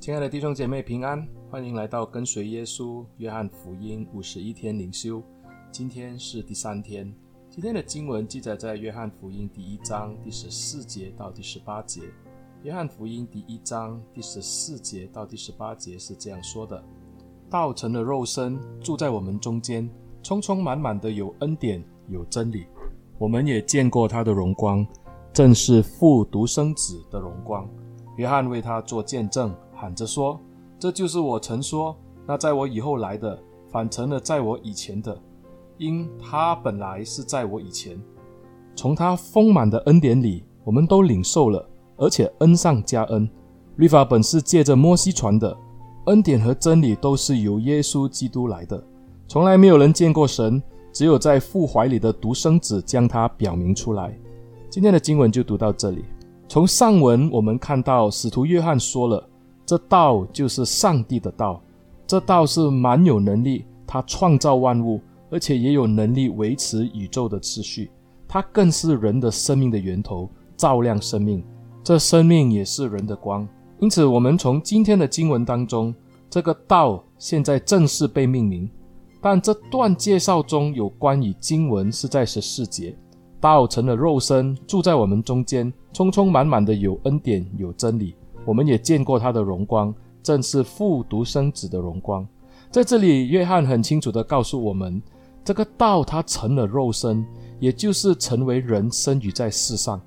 親愛的弟兄姐妹平安，歡迎來到跟隨耶穌約翰福音五十一天靈修。今天是第三天。今天的經文記載在約翰福音第一章第十四節到第十八節。約翰福音第一章第十四節到第十八節是這樣說的：“道成了肉身，住在我們中間，充充滿滿的有恩典有真理。我們也見過他的榮光，正是父獨生子的榮光。約翰為他作見證。”喊着說：“這就是我曾說，那在我以後來的，反成了在我以前的，因他本來是在我以前。從他豐滿的恩典裡，我們都領受了，而且恩上加恩。律法本是借着摩西傳的，恩典和真理都是由耶穌基督來的。從來沒有人見過神，只有在父懷裡的獨生子將他表明出來。”今天的經文就讀到這裡。從上文我們看到，使徒約翰說了。這道就是上帝的道，這道是蠻有能力，它創造萬物，而且也有能力維持宇宙的秩序。它更是人的生命的源頭，照亮生命。這生命也是人的光。因此，我們從今天的經文當中，這個道現在正式被命名。但這段介紹中有關於經文是在十四節，道成了肉身，住在我們中間，充充滿滿的有恩典，有真理。我們也見過他的榮光，正是父獨生子的榮光。在這裡，約翰很清楚地告訴我們，這個道它成了肉身，也就是成為人生於在世上。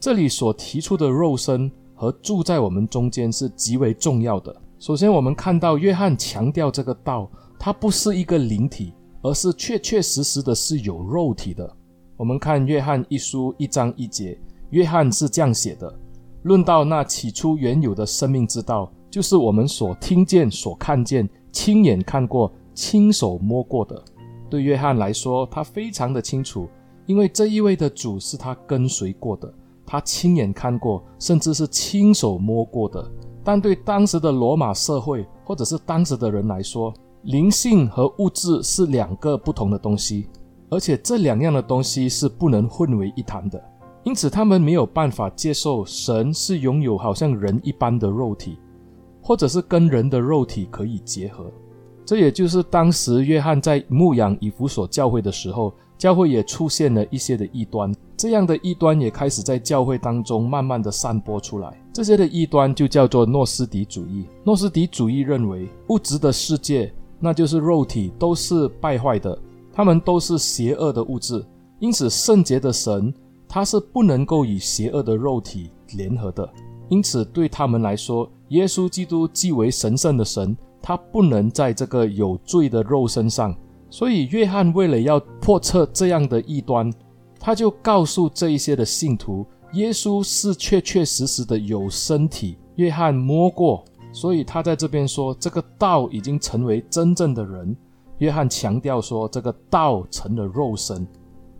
這裡所提出的肉身和住在我們中間是極為重要的。首先，我們看到約翰強調這個道，它不是一個靈體，而是確確實實的是有肉體的。我們看《約翰一書》一章一節，約翰是這樣寫的。論到那起初原有的生命之道，就是我們所聽見、所看見、親眼看過、親手摸過的。對約翰來說，他非常的清楚，因為這一位的主是他跟隨過的，他親眼看過，甚至是親手摸過的。但對當時的羅馬社會，或者是當時的人來說，靈性和物質是兩個不同的東西，而且這兩樣的東西是不能混為一談的。因此，他們沒有辦法接受神是擁有好像人一般的肉體，或者是跟人的肉體可以結合。這也就是當時約翰在牧養以弗所教會的時候，教會也出現了一些的異端。這樣的異端也開始在教會當中慢慢的散播出來。這些的異端就叫做諾斯底主義。諾斯底主義認為物質的世界，那就是肉體都是敗壞的，它們都是邪惡的物質。因此，聖潔的神。他是不能夠與邪惡的肉體聯合的，因此對他們來說，耶穌基督既為神聖的神，他不能在這個有罪的肉身上。所以，約翰為了要駁斥這樣的異端，他就告訴這一些的信徒，耶穌是確確實實的有身體，約翰摸過，所以他在這邊說，這個道已經成為真正的人。約翰強調說，這個道成了肉身。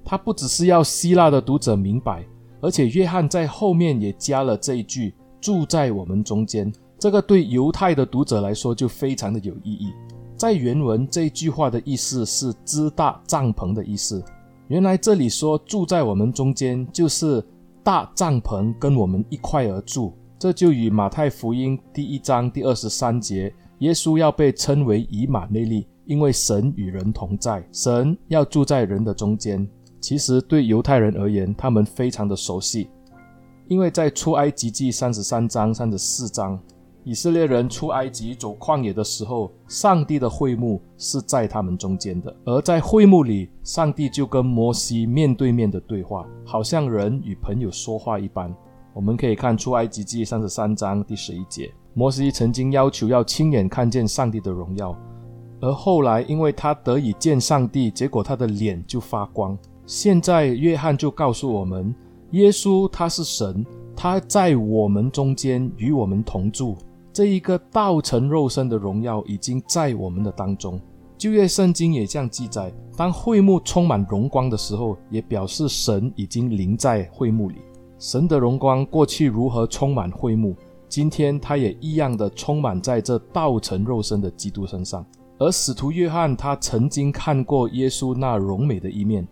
他不只是要希臘的讀者明白，而且約翰在後面也加了這一句：“住在我們中間。”這個對猶太的讀者來說就非常的有意義。在原文這句話的意思是“支搭帳篷”的意思。原來這裡說“住在我們中間”就是搭帳篷跟我們一塊兒住。這就與馬太福音第一章第二十三節，耶穌要被稱為以馬內利，因為神與人同在，神要住在人的中間。其實對猶太人而言，他們非常的熟悉，因為在出埃及記三十三章、三十四章，以色列人出埃及走曠野的時候，上帝的會幕是在他們中間的。而在會幕裡，上帝就跟摩西面對面的對話，好像人與朋友說話一般。我們可以看出埃及記三十三章第十一節，摩西曾經要求要親眼看見上帝的榮耀，而後來因為他得以見上帝，結果他的臉就發光。現在，約翰就告訴我們，耶穌他是神，他在我們中間與我們同住。這一個道成肉身的榮耀已經在我們的當中。舊約聖經也這樣記載：當會幕充滿榮光的時候，也表示神已經臨在會幕裡。神的榮光過去如何充滿會幕，今天他也一樣的充滿在這道成肉身的基督身上。而使徒約翰他曾經看過耶穌那榮美的一面。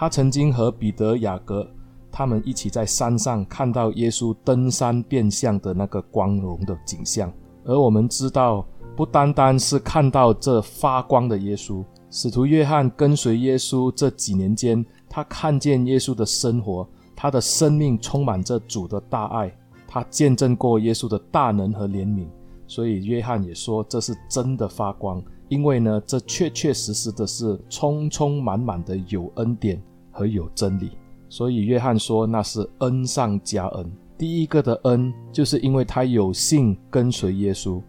他曾經和彼得雅、雅各他們一起在山上看到耶穌登山變相的那個光榮的景象。而我們知道，不單單是看到這發光的耶穌，使徒約翰跟隨耶穌這幾年間，他看見耶穌的生活，他的生命充滿着主的大愛。他見證過耶穌的大能和憐憫，所以約翰也說這是真的發光，因為呢，這確確實實的是充充滿滿的有恩典。和有真理，所以約翰說那是恩上加恩。第一個的恩，就是因為他有幸跟隨耶穌；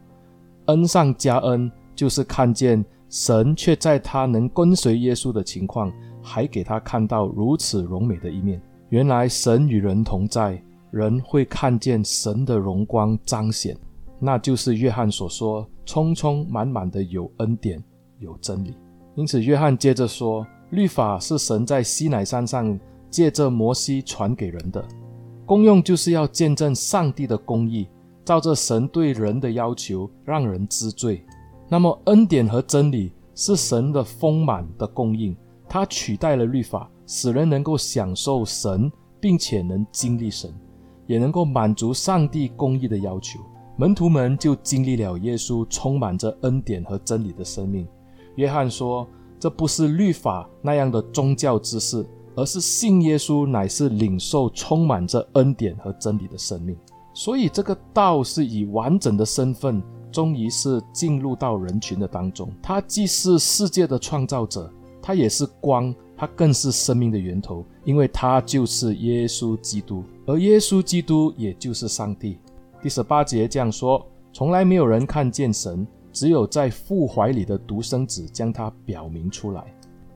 恩上加恩，就是看見神卻在他能跟隨耶穌的情況，還給他看到如此榮美的一面。原來神與人同在，人會看見神的榮光彰顯，那就是約翰所說充充滿滿的有恩典、有真理。因此，約翰接着說。律法，是神在西乃山上借着摩西傳給人的，功用就是要見證上帝的公義，照着神對人的要求，讓人知罪。那麼恩典和真理是神的豐滿的供應，它取代了律法，使人能夠享受神，並且能經歷神，也能夠滿足上帝公義的要求。門徒們就經歷了耶穌充滿着恩典和真理的生命。約翰說。這不是律法那樣的宗教知識，而是信耶穌乃是領受充滿着恩典和真理的生命。所以這個道是以完整的身份，終於是進入到人群的當中。他既是世界的創造者，他也是光，他更是生命的源頭，因為他就是耶穌基督，而耶穌基督也就是上帝。第十八節這樣說：從來沒有人看見神。只有在父懷裡的獨生子將他表明出來，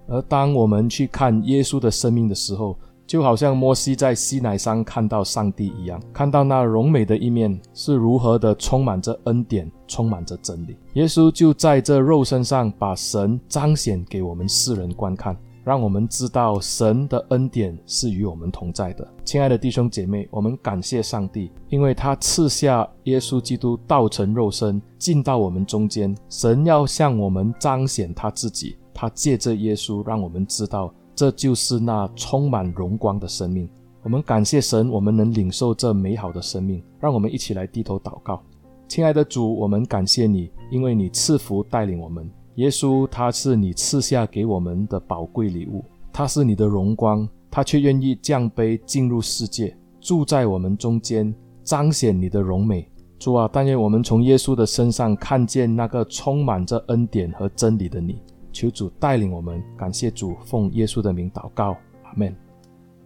而當我們去看耶穌的生命的時候，就好像摩西在西奈山看到上帝一樣，看到那榮美的一面是如何的充滿着恩典，充滿着真理。耶穌就在這肉身上把神彰顯給我們世人觀看。讓我們知道神的恩典是與我們同在的，親愛的弟兄姐妹，我們感謝上帝，因為他賜下耶穌基督道成肉身進到我們中間。神要向我們彰顯他自己，他借着耶穌讓我們知道，這就是那充滿榮光的生命。我們感謝神，我們能領受這美好的生命。讓我們一起來低頭禱告。親愛的主，我們感謝你，因為你賜福帶領我們。耶穌，他是你賜下給我們的寶貴禮物，他是你的榮光，他卻願意降卑進入世界，住在我們中間，彰顯你的榮美。主啊，但願我們從耶穌的身上看見那個充滿着恩典和真理的你。求主帶領我們，感謝主，奉耶穌的名禱告，阿門。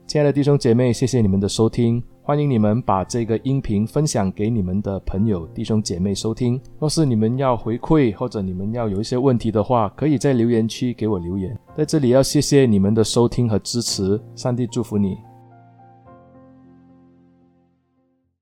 親愛的弟兄姐妹，謝謝你們的收聽。歡迎你們把這個音頻分享給你們的朋友、弟兄姐妹收聽。若是你們要回饋，或者你們要有一些問題的話，可以在留言區給我留言。在這裡要謝謝你們的收聽和支持，上帝祝福你。